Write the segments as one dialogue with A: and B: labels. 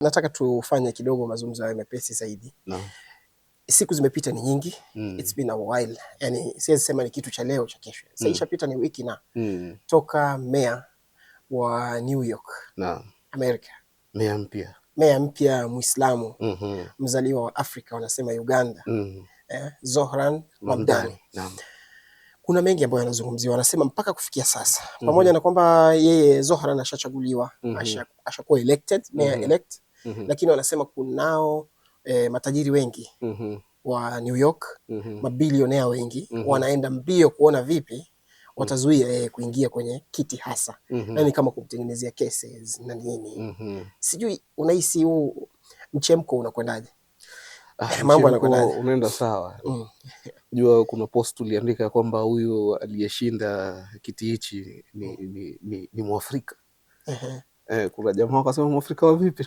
A: Nataka tufanye kidogo mazungumzo hayo mepesi zaidi no. Siku zimepita ni nyingi mm. It's been a while. Yani siwezi sema ni kitu cha leo cha kesho mm. Sasa ishapita ni wiki na mm. Toka meya wa New York no. America, meya mpya meya mpya Muislamu mm -hmm. mzaliwa wa Afrika wanasema Uganda mm -hmm. eh, Zohran Mamdani no. Kuna mengi ambayo yanazungumziwa, anasema mpaka kufikia sasa mm-hmm. pamoja mm -hmm. na kwamba yeye Zohran ashachaguliwa mm -hmm. ashakuwa elected meya mm -hmm. elect mm -hmm. Lakini wanasema kunao e, matajiri wengi mm -hmm. wa New York mm -hmm. mabilionea wengi mm -hmm. wanaenda mbio kuona vipi mm-hmm. watazuia yeye kuingia kwenye kiti hasa mm -hmm. Nani kama kumtengenezea cases na nini mm -hmm. Sijui unahisi huu mchemko unakwendaje?
B: Ah, eh, mambo yanakwendaje? Unaenda sawa mm. Jua kuna post uliandika kwamba huyu aliyeshinda kiti hichi ni, ni, ni, ni Mwafrika uh -huh. Eh, kuna jamaa wakasema Mwafrika wa vipi?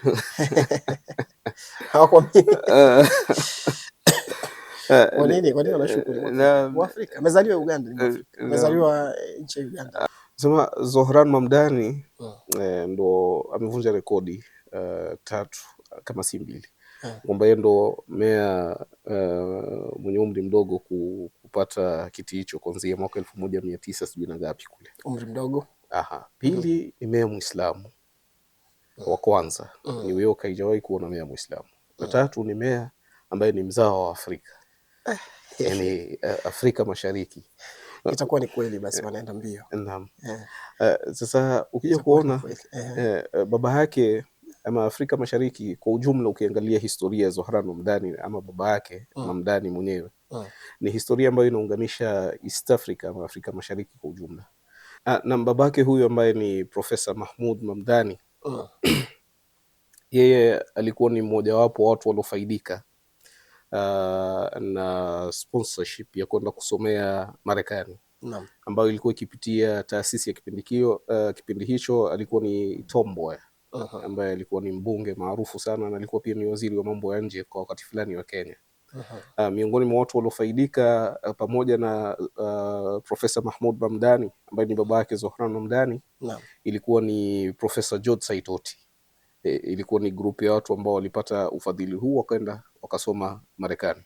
B: Sema Zohran Mamdani ah. eh, ndo amevunja rekodi uh, tatu kama si mbili ah. kwamba yeye ndo meya uh, mwenye umri mdogo kupata kiti hicho kuanzia mwaka elfu moja mia tisa sijui na ngapi kule,
A: umri mdogo.
B: Aha, pili ni meya Mwislamu wa kwanza mm. ni wewe haijawahi kuona mea Muislamu. Wa tatu ni mea ambaye ni mzao wa Afrika eh. yani eh, Afrika Mashariki
A: itakuwa ni kweli basi, wanaenda mbio. Naam.
B: Eh. Sasa ukija kuona baba yake ama Afrika Mashariki kwa ujumla, ukiangalia historia ya Zohran Mamdani ama baba yake mm. Mamdani mwenyewe mm. ni historia ambayo inaunganisha East Africa ama Afrika Mashariki kwa ujumla, ah, na babake huyu ambaye ni Profesa Mahmud Mamdani yeye alikuwa ni mmojawapo wa watu waliofaidika uh, na sponsorship ya kwenda kusomea Marekani Naam. ambayo ilikuwa ikipitia taasisi ya kipindi uh, kipindi hicho alikuwa ni tomboya uh -huh. ambaye alikuwa ni mbunge maarufu sana na alikuwa pia ni waziri wa mambo ya nje kwa wakati fulani wa Kenya. Uh-huh. Uh, miongoni mwa watu waliofaidika uh, pamoja na uh, Profesa Mahmud Bamdani ambaye ni baba yake Zohran Bamdani no. ilikuwa ni Profesa George Saitoti. E, ilikuwa ni grupu ya watu ambao walipata ufadhili huu wakaenda wakasoma Marekani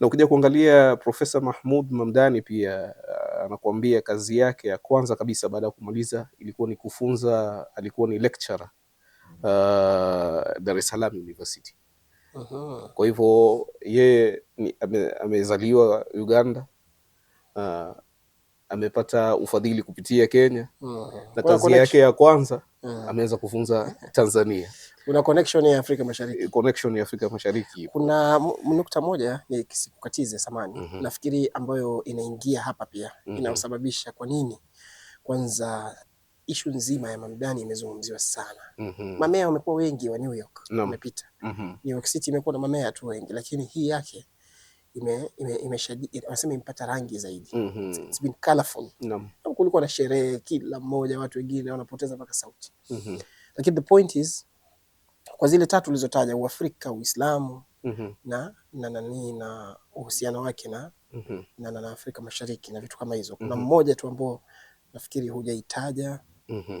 B: na ukija kuangalia Profesa Mahmud Mamdani pia uh, anakuambia kazi yake ya kwanza kabisa baada ya kumaliza ilikuwa ni kufunza, alikuwa ni lecturer uh, Dar es Salaam University -huh. Kwa hivyo yeye ame, amezaliwa Uganda uh, amepata ufadhili kupitia Kenya -huh. na kazi yake ya kwanza -huh. ameweza kufunza Tanzania.
A: Una connection ya Afrika Mashariki,
B: eh, connection ya Afrika Mashariki.
A: Kuna nukta moja ni kisikukatize samani mm -hmm. nafikiri ambayo inaingia hapa pia mm -hmm. inayosababisha kwa nini kwanza ishu nzima ya mamdani imezungumziwa sana. mm -hmm. Mamea wamekuwa wengi wa New York no. Wamepita mm -hmm. New York City imekuwa na mamea tu wengi, lakini hii yake ime imepata ime rangi zaidi mm -hmm. It's been colorful no. Kulikuwa na sherehe kila mmoja, watu wengine wanapoteza mpaka sauti mm -hmm. Lakini the point is kwa zile tatu ulizotaja Uafrika, Uislamu mm -hmm. na na nani na uhusiano wake na mm -hmm. na, na Afrika Mashariki na vitu kama hizo, kuna mm -hmm. mmoja tu ambao nafikiri hujaitaja mm -hmm.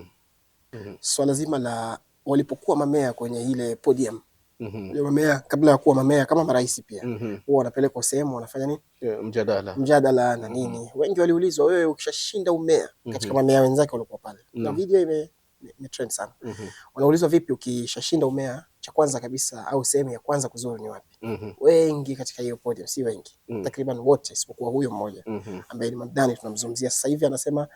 A: mm -hmm. swala so, zima la walipokuwa mamea kwenye ile podium mm -hmm. mamea kabla ya kuwa mamea kama marais pia mm -hmm. wanapelekwa sehemu wanafanya nini,
B: yeah, mjadala
A: mjadala na mhm. nini mm -hmm. wengi waliulizwa, wewe ukishashinda umea mhm. katika mm -hmm. mamea wenzake walikuwa pale mm -hmm. na video ime ni trend sana mm -hmm. wanaulizwa, vipi ukishashinda umea cha kwanza kabisa au sehemu ya kwanza kuzuru ni wapi? mm -hmm. Wengi katika hiyo podium, si wengi mm -hmm. takriban wote isipokuwa huyo mmoja mm -hmm. ambaye ni Mamdani tunamzungumzia sasa hivi, anasema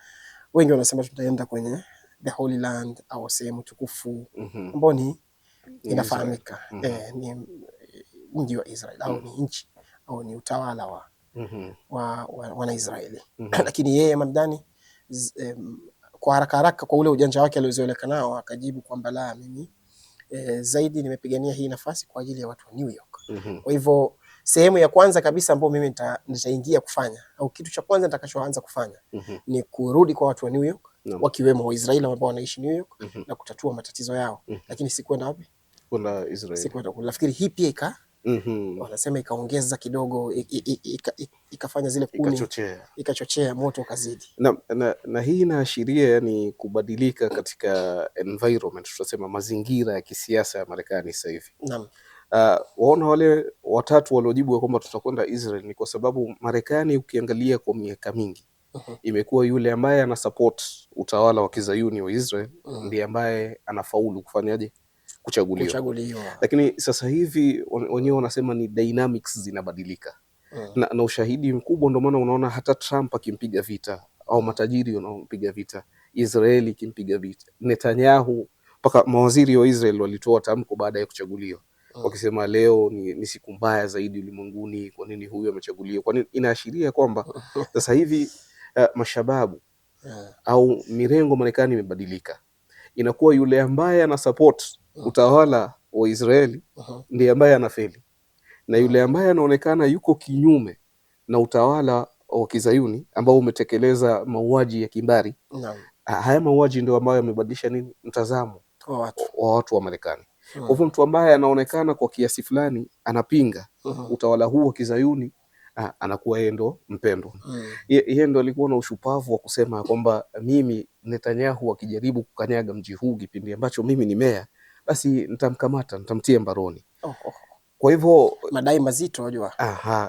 A: wengi wanasema tutaenda kwenye the Holy Land au sehemu tukufu mhm. ambao ni inafahamika eh, mhm. ni eh, mji wa Israel au mhm. ni nchi au ni utawala wa wa Wanaisraeli, lakini yeye Mamdani kwa haraka haraka kwa ule ujanja wake aliozoeleka nao akajibu kwamba la, mimi eh, zaidi nimepigania hii nafasi kwa ajili ya watu wa New York. Kwa hivyo Sehemu ya kwanza kabisa ambayo mimi nitaingia kufanya au kitu cha kwanza nitakachoanza kufanya mm -hmm. ni kurudi kwa watu wa New York no. wakiwemo Waisraeli ambao wanaishi New York mm -hmm. na kutatua matatizo yao mm -hmm. lakini sikwenda wapi?
B: Kuna Israeli.
A: Sikwenda kule. Nafikiri hii pia ika mm -hmm. wanasema ikaongeza kidogo ikafanya zile kuni ikachochea moto kazidi
B: Na, na, na hii inaashiria ni kubadilika katika environment tutasema mazingira ya kisiasa ya Marekani sasa hivi. Naam. Uh, waona wale watatu waliojibu ya kwamba tutakwenda Israel ni kwa sababu Marekani ukiangalia kwa miaka mingi uh -huh. imekuwa yule ambaye ana support utawala wa kizayuni wa Israel uh -huh. ndiye ambaye anafaulu kufanyaje kuchaguliwa. Kuchaguliwa. Lakini sasa hivi wenyewe wanasema ni dynamics zinabadilika uh -huh. na, na ushahidi mkubwa ndio maana unaona hata Trump akimpiga vita au matajiri wanaompiga vita, Israeli ikimpiga vita, Netanyahu mpaka mawaziri wa Israel walitoa tamko baada ya kuchaguliwa Oh. wakisema leo ni, ni siku mbaya zaidi ulimwenguni. Kwa nini huyu amechaguliwa? Kwa nini? Inaashiria kwamba sasa hivi uh, mashababu yeah. au mirengo Marekani imebadilika, inakuwa yule ambaye ana support oh. utawala wa Israeli uh -huh. ndiye ambaye anafeli na yule uh-huh. ambaye anaonekana yuko kinyume na utawala wa kizayuni ambao umetekeleza mauaji ya kimbari. Naam. Haya mauaji ndio ambayo yamebadilisha nini mtazamo wa watu wa Marekani. Kwa hivyo mtu ambaye anaonekana kwa kiasi fulani anapinga utawala huu wa kizayuni Ha, anakuwa yeye ndo mpendwa mm. Yeye ndo alikuwa na ushupavu wa kusema kwamba mimi Netanyahu akijaribu kukanyaga mji huu kipindi ambacho mimi ni meya, basi nitamkamata nitamtia mbaroni. oh, oh. oh. Kwa hivyo
A: madai mazito unajua,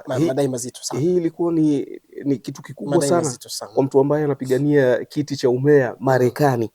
A: madai mazito sana.
B: Hii ilikuwa ni, ni kitu kikubwa sana, sana kwa mtu ambaye anapigania kiti cha umeya Marekani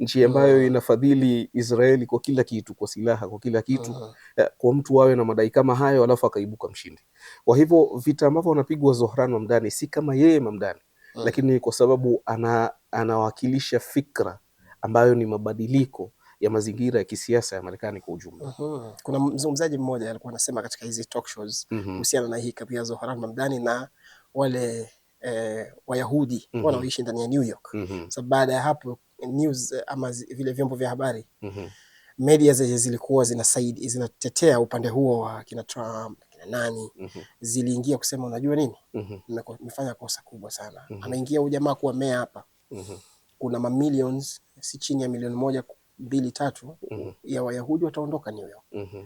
B: nchi ambayo ah. inafadhili Israeli kwa kila kitu, kwa silaha, kwa kila kitu uh eh, -huh. Kwa mtu awe na madai kama hayo alafu akaibuka mshindi. Kwa hivyo vita ambavyo wanapigwa Zohran Mamdani si kama yeye Mamdani uh ah. -huh. Lakini kwa sababu ana, anawakilisha fikra ambayo ni mabadiliko ya mazingira ya kisiasa ya Marekani kwa ujumla. mm
A: -hmm. Kuna mzungumzaji mmoja alikuwa anasema katika hizi talk shows mhm. kuhusiana mm -hmm. na hii kadhia Zohran Mamdani na wale eh, Wayahudi mm -hmm. wanaoishi ndani ya New York mm -hmm. sababu baada ya hapo news eh, ama vile vyombo vya habari mm -hmm. media zenye zilikuwa zinasaidi zinatetea upande huo wa kina Trump kina nani mm -hmm. ziliingia kusema unajua nini mm -hmm. kosa kubwa sana mm -hmm. anaingia ujamaa kuwa mea hapa mm -hmm. kuna mamilions si chini ya milioni moja mbili tatu mm -hmm. ya Wayahudi wataondoka New York mm -hmm.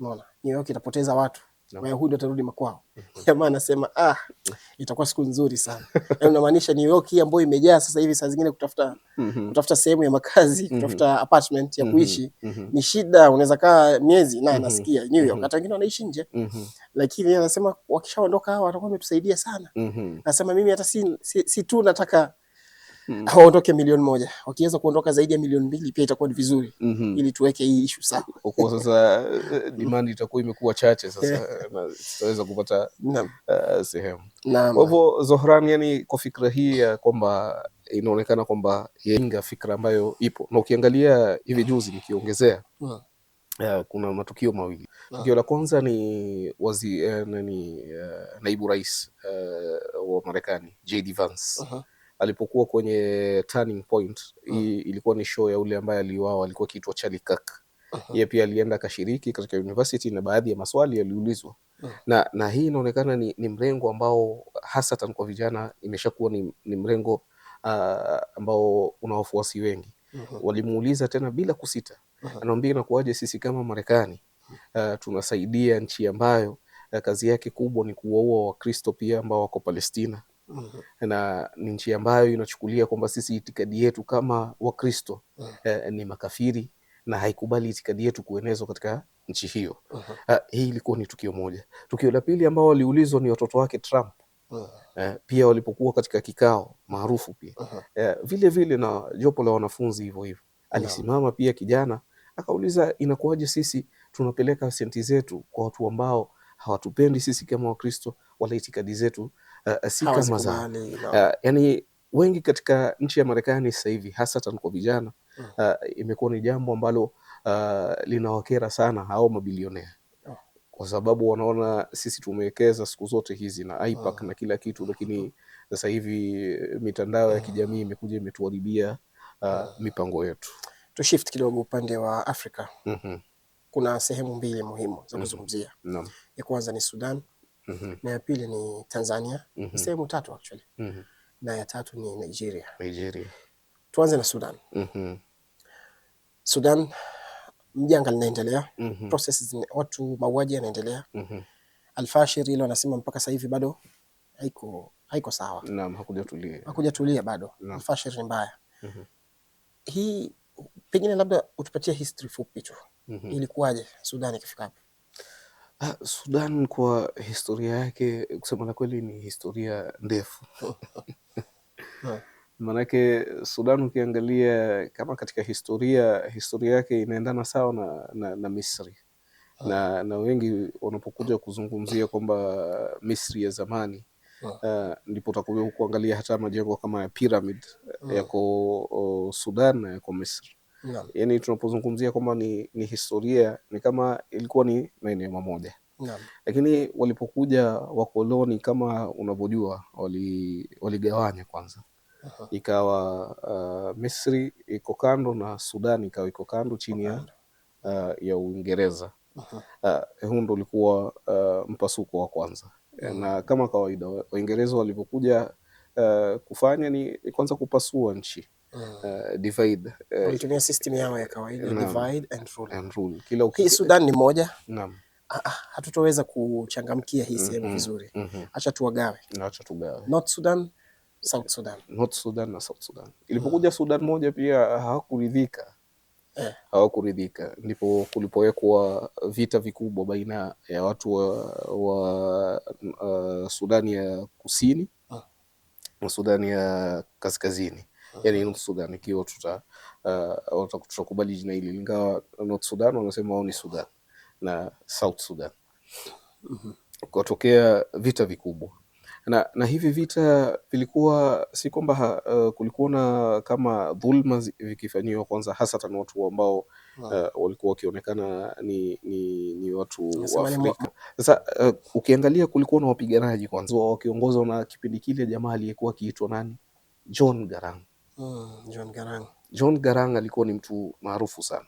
A: Unaona, New York itapoteza watu Wayahudi watarudi makwao. Mhm. Jamaa anasema ah, itakuwa siku nzuri sana yaani unamaanisha New York hii ambayo imejaa sasa hivi, saa zingine kutafuta mhm. kutafuta sehemu ya makazi, mhm. kutafuta apartment ya kuishi ni shida, unaweza kaa miezi na nasikia New York, hata wengine wanaishi nje, lakini anasema wakishaondoka hawa watakuwa wametusaidia sana. Anasema mimi hata si, si, si tu nataka mm waondoke milioni moja. Wakiweza kuondoka zaidi ya milioni mbili pia itakuwa ni vizuri mm -hmm. ili tuweke hii ishu sawa.
B: Kwa sasa eh, demand itakuwa imekuwa chache sasa eh. Eh, na tutaweza kupata uh, sehemu. Kwa hivyo Zohran, yani kwa fikra hii ya kwamba inaonekana kwamba yainga fikra ambayo ipo na ukiangalia hivi juzi nikiongezea mm. Uh, kuna matukio mawili. Mm. Tukio la kwanza ni wazi, uh, nani, uh, naibu rais uh, wa Marekani JD Vance uh -huh alipokuwa kwenye turning point mm. I, ilikuwa ni show ya ule ambaye aliuawa, alikuwa kiitwa Charlie Kirk uh-huh. yeye pia alienda akashiriki katika university na baadhi ya maswali yaliulizwa uh-huh. na, na hii inaonekana ni, ni mrengo ambao hasatan kwa vijana imeshakuwa ni, ni mrengo uh, ambao una wafuasi wengi uh-huh. Walimuuliza tena bila kusita uh-huh. Anaambia inakuwaje sisi kama Marekani uh, tunasaidia nchi ambayo eh, kazi yake kubwa ni kuwaua Wakristo pia ambao wako Palestina mm -hmm. na ni nchi ambayo inachukulia kwamba sisi itikadi yetu kama Wakristo mm -hmm. eh, ni makafiri na haikubali itikadi yetu kuenezwa katika nchi hiyo uh -huh. Ha, hii ilikuwa ni tukio moja. Tukio la pili ambao waliulizwa ni watoto wake Trump uh mm-hmm. -huh. Eh, pia walipokuwa katika kikao maarufu pia uh mm-hmm. -huh. Eh, vile vile na jopo la wanafunzi hivyo hivyo alisimama pia kijana akauliza, inakuwaje sisi tunapeleka senti zetu kwa watu ambao hawatupendi sisi kama Wakristo wala itikadi zetu uh, si kama za uh, yani wengi katika nchi ya Marekani sasa hivi hasatan kwa vijana uh, imekuwa ni jambo ambalo uh, linawakera sana hao mabilionea oh. kwa sababu wanaona sisi tumewekeza siku zote hizi na IPAC ah. na kila kitu, lakini sasa hivi mitandao ya kijamii mm. imekuja imetuharibia uh, mipango yetu.
A: Tushift kidogo upande wa Afrika mm -hmm. kuna sehemu mbili muhimu za mhm. kuzungumzia mm -hmm. ya kwanza ni Sudan Mm-hmm. na ya pili ni Tanzania mm -hmm. sehemu tatu actually mm -hmm. na ya tatu ni Nigeria. Nigeria. Tuanze na Sudan mm -hmm. Sudan mjanga linaendelea mm -hmm. processes, watu mauaji yanaendelea mm -hmm. Alfashir ile wanasema mpaka sasa hivi bado haiko haiko sawa.
B: Naam, hakujatulia.
A: Hakujatulia bado. Alfashir ni mbaya. mm -hmm. Hii pengine labda utupatie history fupi tu mm -hmm. Ilikuwaje Sudan ikifika hapo?
B: Ah, Sudan kwa historia yake kusema la kweli ni historia ndefu. Maanake Sudan ukiangalia kama katika historia, historia yake inaendana sawa na, na, na Misri na, na wengi wanapokuja kuzungumzia kwamba Misri ya zamani Uh, ndipo utakuja kuangalia hata majengo kama ya pyramid yako oh, Sudan na yako Misri. Naam. Yani tunapozungumzia kwamba ni, ni historia ni kama ilikuwa ni maeneo mamoja. Naam. Lakini walipokuja wakoloni kama unavyojua waligawanya wali kwanza Aha. ikawa uh, Misri iko kando na Sudan ikawa iko kando chini ya uh, ya Uingereza. Uh, huu ndo ulikuwa uh, mpasuko wa kwanza Aha. na kama kawaida Waingereza walivyokuja uh, kufanya ni kwanza kupasua nchi Mm. Eh, divide
A: eh, walitumia system yao ya kawaida divide and rule and rule. Kila hii Sudan ni moja. Naam. Ah, ah, hatutoweza kuchangamkia hii mm-hmm. sehemu mm -hmm. vizuri. mm -hmm. Acha tuwagawe.
B: Acha tugawe.
A: North Sudan, South Sudan.
B: North Sudan na South Sudan. Mm. Ilipokuja mm. Sudan moja pia ah, hawakuridhika eh. Hawakuridhika, ndipo kulipowekwa vita vikubwa baina ya watu wa, wa uh, Sudani ya Kusini na ah. Sudani ya Kaskazini yani North Sudan ikiwa tuta uh, tutakubali jina hili, ingawa North Sudan wanasema wao ni Sudan na South Sudan mm-hmm. Kutokea vita vikubwa na, na hivi vita vilikuwa si kwamba uh, kulikuwa na kama dhulma vikifanyiwa kwanza, hasatan watu ambao uh, walikuwa wakionekana ni, ni, ni watu wa Afrika. Sasa uh, ukiangalia kulikuwa na wapiganaji kwanza wakiongozwa na kipindi kile jamaa aliyekuwa akiitwa nani, John Garang
A: Mm, John Garang.
B: John Garang alikuwa ni mtu maarufu sana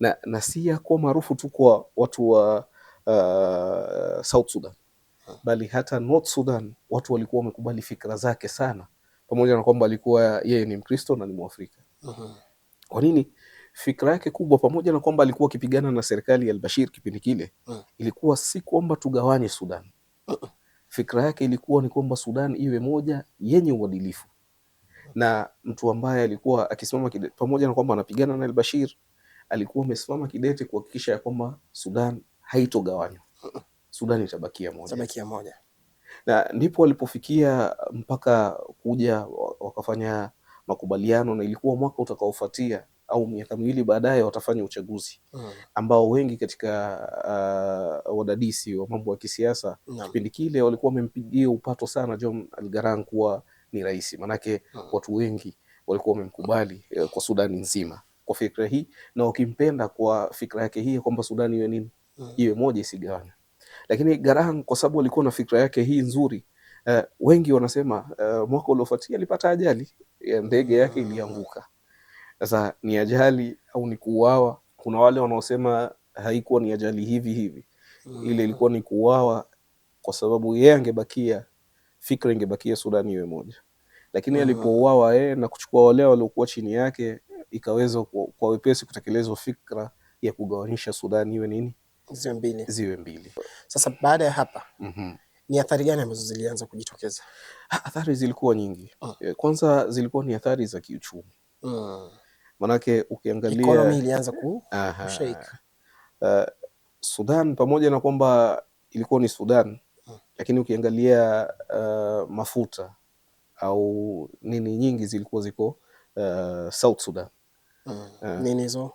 B: na, na si yakuwa maarufu tu kwa watu wa uh, South Sudan hmm. bali hata North Sudan watu walikuwa wamekubali fikra zake sana, pamoja na kwamba alikuwa yeye ni Mkristo na ni Mwafrika hmm. Kwa nini? Fikra yake kubwa, pamoja na kwamba alikuwa akipigana na serikali ya Albashir kipindi kile hmm. ilikuwa si kwamba tugawanye Sudan hmm. Fikra yake ilikuwa ni kwamba Sudan iwe moja yenye uadilifu na mtu ambaye alikuwa akisimama kidete, pamoja na kwamba anapigana na al-Bashir, alikuwa amesimama kidete kuhakikisha ya kwamba Sudan haitogawanywa, Sudan itabakia
A: moja, moja,
B: na ndipo walipofikia mpaka kuja wakafanya makubaliano, na ilikuwa mwaka utakaofuatia au miaka miwili baadaye watafanya uchaguzi mm. ambao wengi katika uh, wadadisi wa mambo ya kisiasa no. kipindi kile walikuwa wamempigia upato sana John Algaran kuwa ni rahisi, maanake ah. watu wengi walikuwa wamemkubali eh, kwa Sudani nzima kwa fikra hii, na wakimpenda kwa fikra yake hii kwamba Sudani iwe nini, hmm. iwe moja isigawanywe. Lakini Garang kwa sababu alikuwa na fikra yake hii nzuri eh, wengi wanasema eh, mwaka uliofuatia alipata ajali ya eh, ndege yake ah. ilianguka. Sasa ni ajali au ni kuuawa? Kuna wale wanaosema haikuwa ni ajali hivi hivi, ile ilikuwa ni kuuawa, kwa sababu yeye angebakia, fikra ingebakia Sudani iwe moja lakini alipouawa yeye eh, na kuchukua wale waliokuwa chini yake, ikaweza kwa, wepesi kutekelezwa fikra ya kugawanisha Sudan iwe nini, ziwe mbili, ziwe mbili.
A: Sasa baada ya hapa mm -hmm. Ni athari gani ambazo zilianza kujitokeza?
B: athari zilikuwa nyingi mm. Eh, kwanza zilikuwa ni athari za kiuchumi mm. Manake ukiangalia
A: ekonomi ilianza ku shake.
B: Uh, eh, Sudan pamoja na kwamba ilikuwa ni Sudan mm. Lakini ukiangalia uh, mafuta au nini nyingi zilikuwa ziko uh, South Sudan
A: mm. uh, nini hizo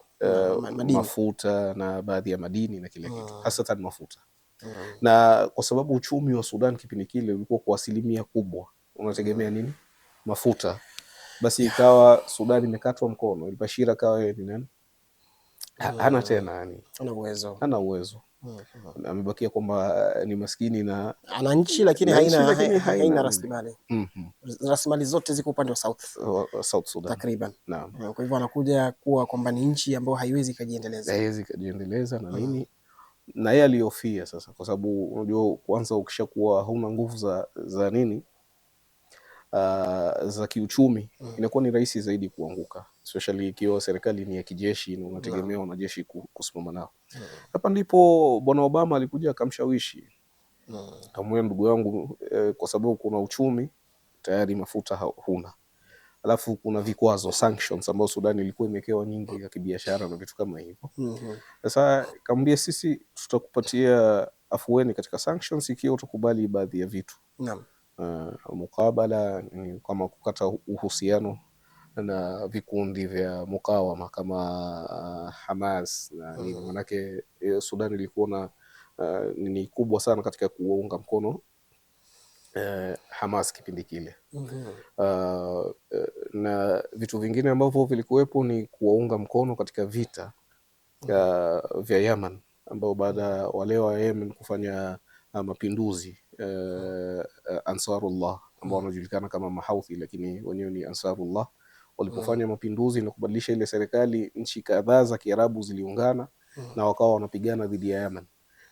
B: uh, mafuta na baadhi ya madini na kila mm. kitu mm. hasatan mafuta mm. na kwa sababu uchumi wa Sudan kipindi kile ulikuwa kwa asilimia kubwa unategemea mm. nini mafuta basi ikawa Sudan imekatwa mkono, ilibashira kawa yeye ni nani, hana mm. tena yani, hana uwezo, hana uwezo. Mm, mm. amebakia kwamba eh, ni maskini na
A: ana nchi lakini haina, haina, haina rasilimali mm -hmm. rasilimali zote ziko upande wa South, South Sudan takriban. Naam. Eh, kwa hivyo anakuja kuwa kwamba ni nchi ambayo haiwezi kujiendeleza
B: haiwezi kujiendeleza na mm. nini mm na yeye aliyofia sasa, kwa sababu unajua, kwanza ukishakuwa hauna nguvu za za nini, uh, za kiuchumi mm. inakuwa ni rahisi zaidi kuanguka especially ikiwa serikali ni ya kijeshi na unategemea wanajeshi kusimama nao. Hapa ndipo bwana Obama alikuja akamshawishi amwambia, ndugu yangu eh, kwa sababu kuna uchumi tayari mafuta huna, alafu kuna vikwazo sanctions ambayo Sudan ilikuwa imewekewa nyingi ya kibiashara na vitu kama hivyo. Mm-hmm. Sasa kamwambia sisi tutakupatia afueni katika sanctions ikiwa utakubali baadhi ya vitu. Naam. Uh, mukabala ni kama kukata uhusiano na vikundi vya mukawama kama uh, Hamas na nini mm. Manake eh, Sudan ilikuwa na uh, ni kubwa sana katika kuwaunga mkono uh, Hamas kipindi kile mm -hmm. uh, eh, na vitu vingine ambavyo vilikuwepo ni kuwaunga mkono katika vita hmm. uh, vya Yemen ambao baada ya wale wa Yemen kufanya uh, mapinduzi hmm. uh, uh, Ansarullah ambao hmm. wanajulikana kama Mahauthi lakini wenyewe ni Ansarullah walipofanya mm. mapinduzi na kubadilisha ile serikali, nchi kadhaa za Kiarabu ziliungana mm. na wakawa wanapigana dhidi ya Yemen,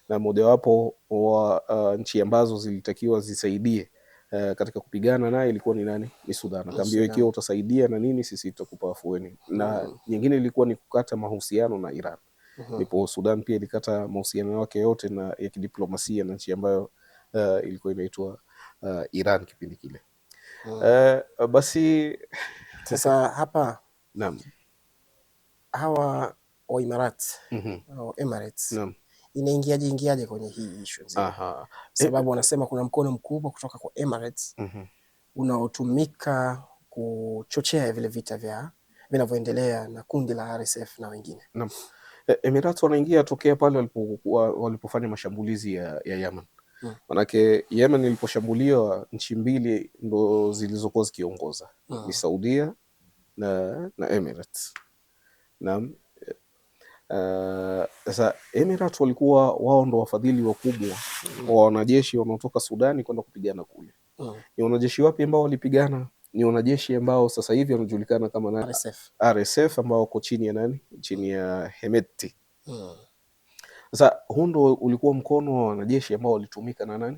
B: na mojawapo wa uh, nchi ambazo zilitakiwa zisaidie Uh, katika kupigana naye ilikuwa ni nani? Ni Sudan. Akaambiwa ikiwa utasaidia na nini, sisi tutakupa afueni. Na uhum. Mm. nyingine ilikuwa ni kukata mahusiano na Iran, mm-hmm. ndipo Sudan pia ilikata mahusiano yake yote na ya kidiplomasia na nchi ambayo uh, ilikuwa inaitwa uh, Iran kipindi kile mm. uh, basi
A: sasa hapa naam, hawa Waimarat mm -hmm. au Emirates naam inaingiaje ingiaje kwenye hii issue nzima, sababu wanasema kuna mkono mkubwa kutoka kwa Emirates mm -hmm. unaotumika kuchochea vile vita vya vinavyoendelea na kundi la RSF na wengine
B: naam. E, Emirates wanaingia tokea pale walipofanya mashambulizi ya, ya Yemen mm. Manake Yemen iliposhambuliwa nchi mbili ndo zilizokuwa zikiongoza mm. ni Saudia na, na Emirates. Naam. Eh, sasa uh, Emirates walikuwa wao ndo wafadhili wakubwa mm. wa wanajeshi wanaotoka Sudani kwenda kupigana kule mm. ni wanajeshi wapi ambao walipigana? Ni wanajeshi ambao sasa hivi wanajulikana kama na RSF, RSF ambao wako chini ya nani? Chini ya hemeti mm. Sasa huu ndo ulikuwa mkono wa wanajeshi ambao walitumika na nani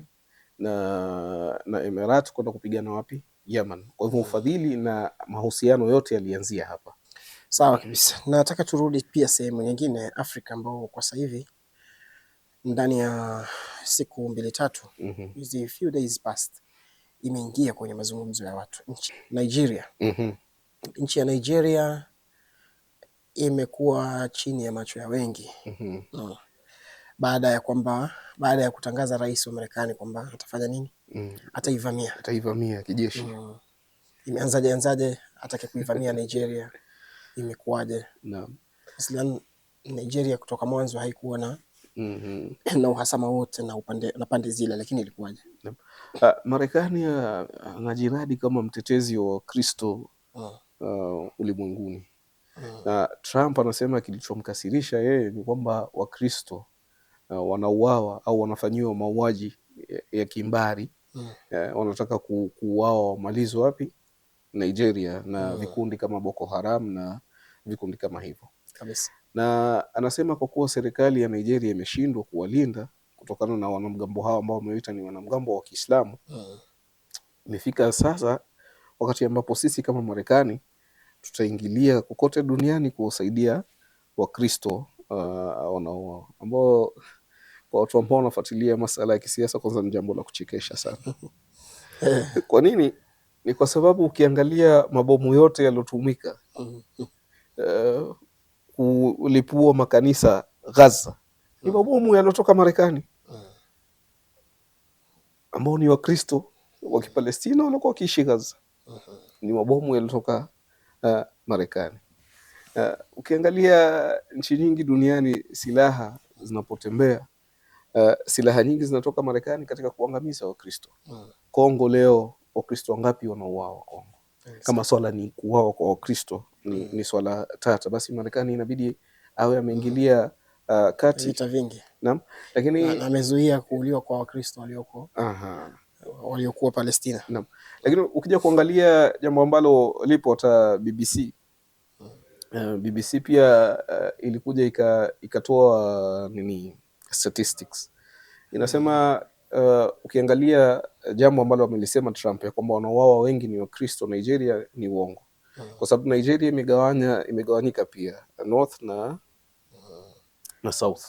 B: na na Emirat kwenda kupigana wapi? Yemen. Kwa hivyo ufadhili na mahusiano yote yalianzia hapa.
A: Sawa kabisa, nataka turudi pia sehemu nyingine Afrika ambao kwa sasa hivi ndani ya siku mbili tatu mhm. hizi mm -hmm. few days past imeingia kwenye mazungumzo ya watu nchi Nigeria mm -hmm. nchi ya Nigeria imekuwa chini ya macho ya wengi mhm. mm -hmm. no baada ya kwamba baada ya kutangaza rais wa Marekani kwamba atafanya nini? Mm. Ataivamia,
B: ataivamia kijeshi. Mm.
A: Imeanzaje anzaje? Atake kuivamia Nigeria imekuwaje? Naam. Islam Nigeria kutoka mwanzo haikuwa na mm -hmm. na uhasama wote na upande na pande zile, lakini ilikuwaje? Naam.
B: Uh, Marekani ah, anajiradi kama mtetezi wa Kristo mm. uh, ulimwenguni na mm. Na Trump anasema kilichomkasirisha yeye ni kwamba Wakristo uh, wanauawa au wanafanyiwa mauaji ya, ya kimbari mm. uh, wanataka ku, kuuawa wamalizi wapi? Nigeria na mm. vikundi kama Boko Haram na vikundi kama hivyo kabisa. Na anasema kwa kuwa serikali ya Nigeria imeshindwa kuwalinda kutokana na wanamgambo hao ambao wameita ni wanamgambo wa Kiislamu hmm. imefika mm. sasa wakati ambapo sisi kama Marekani tutaingilia kokote duniani kuwasaidia Wakristo uh, ambao kwa watu ambao wanafuatilia masala ya kisiasa, kwanza ni jambo la kuchekesha sana. Eh. Kwa nini? Ni kwa sababu ukiangalia mabomu yote yaliyotumika uh, kulipua makanisa Gaza ni mm. mabomu yaliyotoka Marekani, mm. ambao ni Wakristo wa Kipalestina waliokuwa wakiishi Gaza. Mm-hmm. Ni mabomu yaliyotoka uh, Marekani. Uh, ukiangalia nchi nyingi duniani silaha zinapotembea uh, silaha nyingi zinatoka Marekani katika kuangamiza Wakristo. mm. Kongo leo Wakristo wangapi wanauawa Kongo? yes. Eh, Kama swala ni kuuawa kwa Wakristo ni, mm. ni swala tata, basi Marekani inabidi awe ameingilia uh, kati
A: vita vingi. Naam, lakini na, amezuia kuuliwa kwa Wakristo walioko aha waliokuwa Palestina.
B: Naam. Lakini ukija kuangalia jambo ambalo lipo hata BBC uh, mm. BBC pia uh, ilikuja ikatoa ika nini statistics inasema uh, ukiangalia jambo ambalo amelisema Trump ya kwamba wanaoawa wengi ni Wakristo Nigeria ni uongo hmm. kwa sababu Nigeria imegawanya imegawanyika pia north na na south.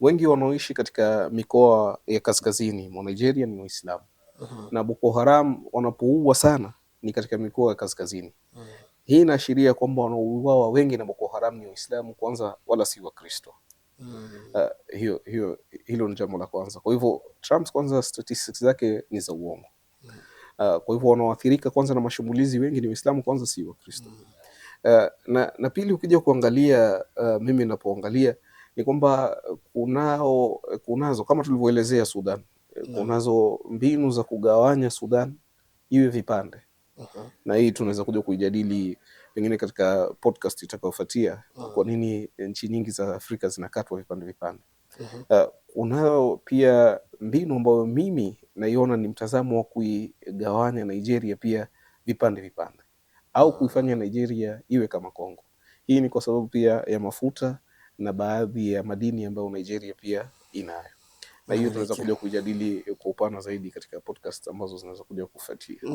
B: Wengi wanaoishi katika mikoa ya kaskazini mwa Nigeria ni Waislamu hmm. na Boko Haram wanapouua sana ni katika mikoa ya kaskazini hmm. Hii inaashiria kwamba wanaouawa wengi na Boko Haram ni Waislamu kwanza, wala si Wakristo. Mm. Uh, hiyo hiyo hilo ni jambo la kwanza. Kwa hivyo Trump kwanza statistics zake ni za uongo. Mm. Uh, kwa hivyo wanaoathirika kwanza na mashambulizi wengi ni Waislamu kwanza, si Wakristo. Mm. Uh, na, na pili ukija kuangalia uh, mimi napoangalia ni kwamba kunao kunazo kama tulivyoelezea Sudan uh, kunazo mbinu za kugawanya Sudan iwe vipande. Uh -huh. Na hii tunaweza kuja kuijadili pengine katika podcast itakayofuatia, ah. kwa nini nchi nyingi za Afrika zinakatwa vipande vipande. Uh, mhm. ah, unayo pia mbinu ambayo mimi naiona ni mtazamo wa kuigawanya Nigeria pia vipande vipande, au ah. kuifanya Nigeria iwe kama Kongo. Hii ni kwa sababu pia ya mafuta na baadhi ya madini ambayo Nigeria pia inayo, na hiyo tunaweza kuja kujadili kwa upana zaidi katika podcast ambazo zinaweza kuja kufuatia.